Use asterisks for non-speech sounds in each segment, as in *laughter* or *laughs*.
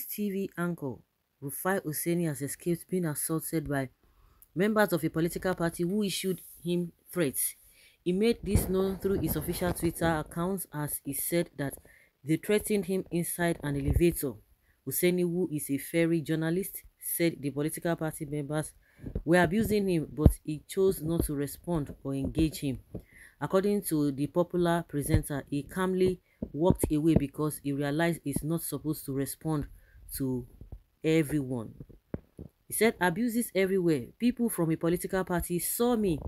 TV anchor Rufai Hussaini has escaped being assaulted by members of a political party who issued him threats. He made this known through his official Twitter account as he said that they threatened him inside an elevator. Hussaini, who is a ferry journalist, said the political party members were abusing him, but he chose not to respond or engage him. According to the popular presenter, he calmly walked away because he realized he's not supposed to respond to everyone. He said abuses everywhere. People from a political party saw me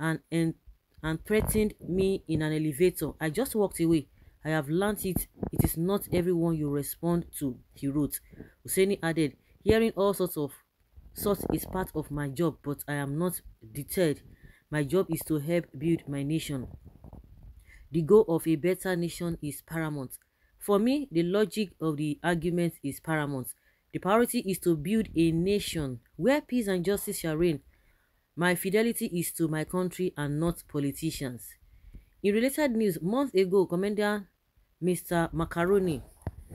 and, and, and threatened me in an elevator. I just walked away. I have learned it. It is not everyone you respond to, he wrote. Husseini added, hearing all sorts of sorts is part of my job, but I am not deterred. My job is to help build my nation. The goal of a better nation is paramount. For me, the logic of the argument is paramount. The priority is to build a nation where peace and justice shall reign. My fidelity is to my country and not politicians. In related news, months ago, Commander Mr. Macaroni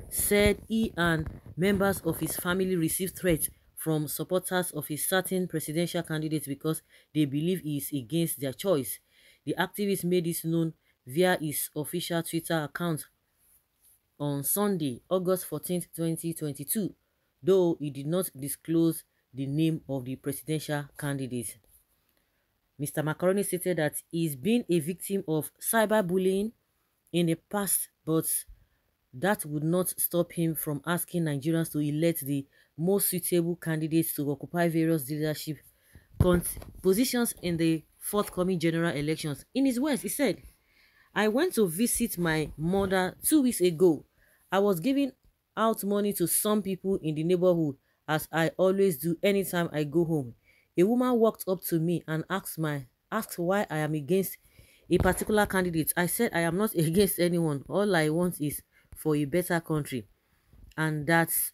said he and members of his family received threats from supporters of a certain presidential candidate because they believe he is against their choice. The activist made this known via his official Twitter account on Sunday, August 14, 2022, though he did not disclose the name of the presidential candidate. Mr. Macaroni stated that he's been a victim of cyberbullying in the past, but that would not stop him from asking Nigerians to elect the most suitable candidates to occupy various leadership positions in the forthcoming general elections. In his words, he said, I went to visit my mother two weeks ago I was giving out money to some people in the neighborhood as I always do anytime I go home. A woman walked up to me and asked my asked why I am against a particular candidate. I said I am not *laughs* against anyone. All I want is for a better country. And that's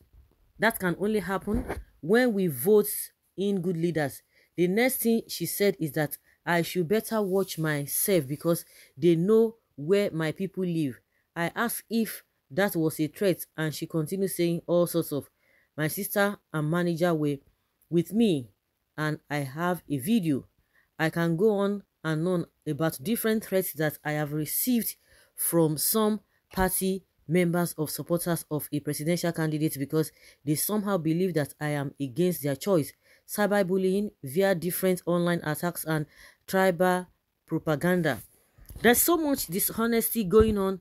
that can only happen when we vote in good leaders. The next thing she said is that I should better watch myself because they know where my people live. I asked if that was a threat, and she continued saying all sorts of, my sister and manager were with me, and I have a video. I can go on and on about different threats that I have received from some party members of supporters of a presidential candidate because they somehow believe that I am against their choice. Cyberbullying via different online attacks and tribal propaganda. There's so much dishonesty going on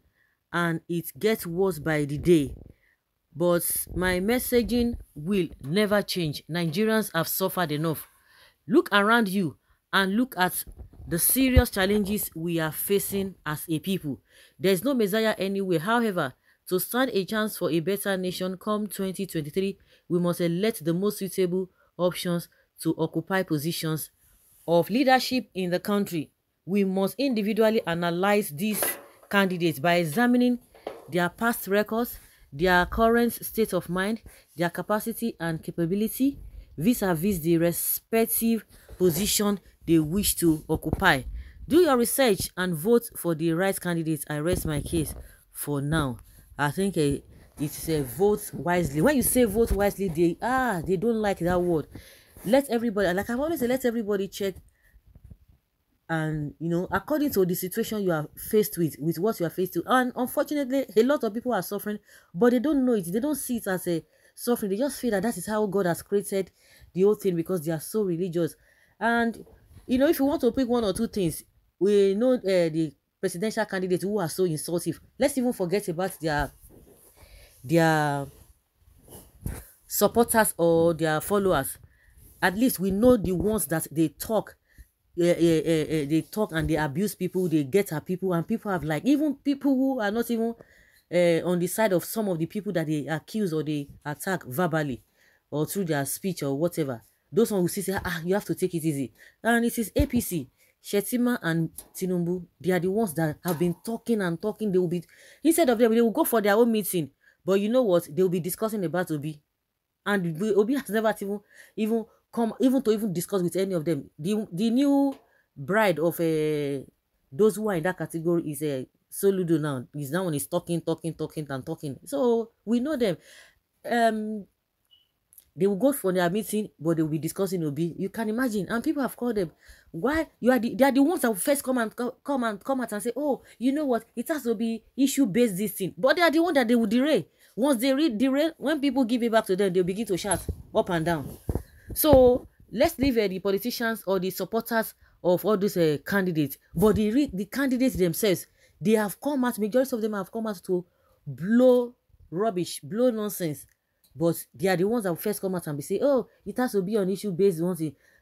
and it gets worse by the day. But my messaging will never change. Nigerians have suffered enough. Look around you and look at the serious challenges we are facing as a people. There is no Messiah anywhere. However, to stand a chance for a better nation come 2023, we must elect the most suitable options to occupy positions of leadership in the country. We must individually analyze these candidates by examining their past records, their current state of mind, their capacity and capability vis-à-vis the respective position they wish to occupy. Do your research and vote for the right candidate. I rest my case for now. I think a it's a vote wisely. When you say vote wisely, they ah they don't like that word. Let everybody like I always said, let everybody check and you know according to the situation you are faced with with what you are faced to and unfortunately a lot of people are suffering but they don't know it they don't see it as a suffering they just feel that that is how god has created the whole thing because they are so religious and you know if you want to pick one or two things we know uh, the presidential candidates who are so insultive let's even forget about their their supporters or their followers at least we know the ones that they talk uh, uh, uh, they talk and they abuse people, they get at people, and people have like even people who are not even eh, on the side of some of the people that they accuse or they attack verbally or through their speech or whatever. Those ones who see say, ah, ah, you have to take it easy. And it is APC, Shetima and Tinubu. They are the ones that have been talking and talking. They will be instead of them, they will go for their own meeting. But you know what? They will be discussing about Obi. And Obi has never even even come even to even discuss with any of them the the new bride of uh, those who are in that category is uh, soludo now is now one is talking talking talking and talking so we know them um they will go for their meeting but they will be discussing obi you can imagine and people have called them why you are the they are the ones that will first come and come and come out and say oh you know what it has to be issue based this thing but they are the one that they will derail once they read derail when people give it back to them they begin to shout up and down So let's leave uh, the politicians or the supporters of all these uh, candidates. But the, the candidates themselves, they have come out, majority of them have come out to blow rubbish, blow nonsense. But they are the ones that first come out and be say, oh, it has to be on issue based one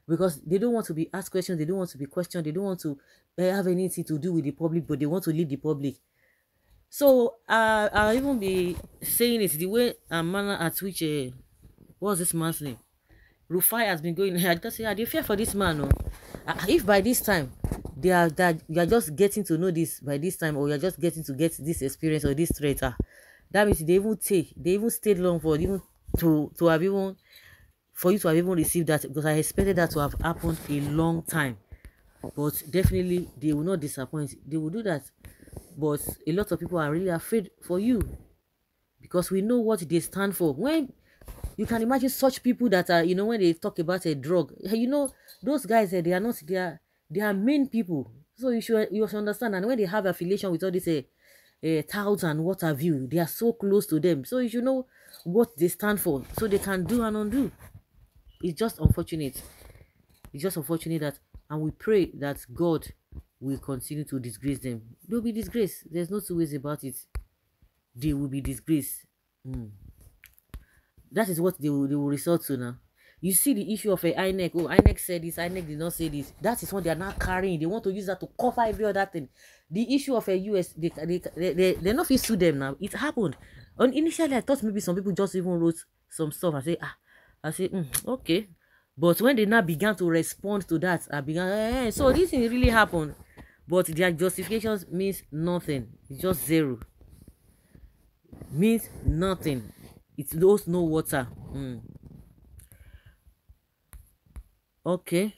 because they don't want to be asked questions, they don't want to be questioned, they don't want to eh, have anything to do with the public, but they want to lead the public. So uh, I'll even be saying it the way and manner at which uh, what's this man's name? Rufai has been going I just say, I ah, do fear for this man? Or oh? ah, if by this time they are that you are just getting to know this by this time, or you are just getting to get this experience or this traitor, ah, that means they even take, they even stayed long for even to to have even for you to have even received that because I expected that to have happened a long time. But definitely they will not disappoint. They will do that. But a lot of people are really afraid for you because we know what they stand for. When you can imagine such people that are you know when they talk about a drug you know those guys eh, they are not they are they are mean people so you should you should understand and when they have affiliation with all these eh, eh, touts and what have you they are so close to them so you should know what they stand for so they can do and undo it's just unfortunate it's just unfortunate that and we pray that god will continue to disgrace them they'll be disgraced there's no two ways about it they will be disgraced mm that is what they will, they will resort to now you see the issue of a uh, eh, INEC oh INEC said this INEC did not say this that is what they are now carrying they want to use that to cover every other thing the issue of a eh, US they they they, they, they not fit sue them now it happened and initially I thought maybe some people just even wrote some stuff I say ah I say mm, okay but when they now began to respond to that I began eh, eh, so this thing really happened but their justifications means nothing it's just zero means nothing it knows no water mm. okay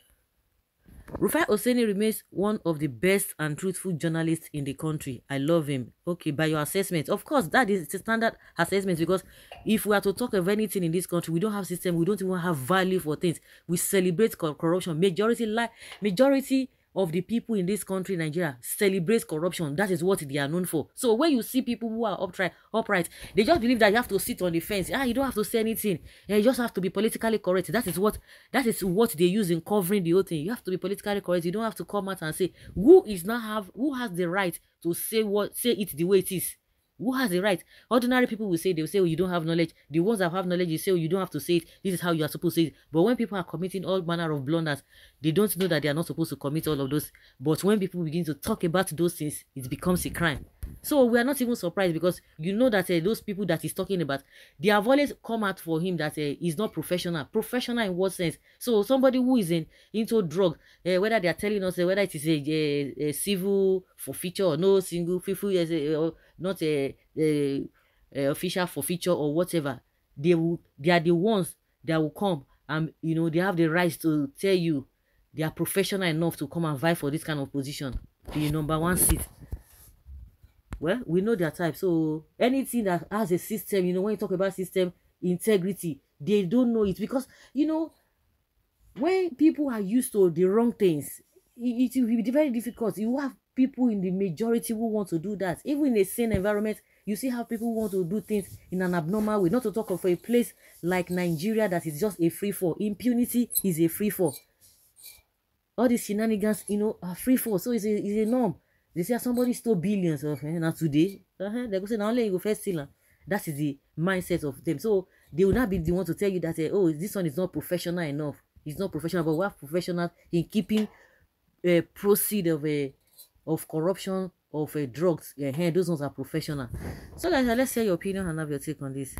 Rufai Oseni remains one of the best and truthful journalists in the country. I love him. Okay, by your assessment. Of course, that is the standard assessment because if we are to talk of anything in this country, we don't have system, we don't even have value for things. We celebrate corruption. Majority lie, majority of the people in this country, Nigeria, celebrates corruption. That is what they are known for. So when you see people who are upright, upright, they just believe that you have to sit on the fence. Ah, you don't have to say anything. Eh, you just have to be politically correct. That is what that is what they use in covering the whole thing. You have to be politically correct. You don't have to come out and say who is not have who has the right to say what say it the way it is. Who has the right? Ordinary people will say, they'll say, oh, you don't have knowledge. The ones that have knowledge, you say, oh, you don't have to say it. This is how you are supposed to say it. But when people are committing all manner of blunders, they don't know that they are not supposed to commit all of those. But when people begin to talk about those things, it becomes a crime. So we are not even surprised because you know that uh, those people that he's talking about, they have always come out for him that uh, he's not professional. Professional in what sense? So somebody who is in, into drug, uh, whether they are telling us whether it is a, a, a civil forfeiture or no single, fifth, not a, a, a official forfeiture or whatever they will they are the ones that will come and you know they have the right to tell you they are professional enough to come and vie for this kind of position the number one seat well we know their type so anything that has a system you know when you talk about system integrity they don't know it because you know when people are used to the wrong things it, it will be very difficult you have people in the majority who want to do that. Even in a sane environment, you see how people want to do things in an abnormal way. Not to talk of a place like Nigeria that is just a free for. Impunity is a free for. All these shenanigans, you know, are free for. So it's a, it's a norm. They say somebody stole billions of eh, now today. Uh-huh, they go say now only you go first steal. That is the mindset of them. So they will not be the one to tell you that eh, oh this one is not professional enough. It's not professional, but we have professionals in keeping a uh, eh, proceed of a eh, of corruption of uh, drugs. Yeah, those ones are professional. So guys, let's hear your opinion and have your take on this.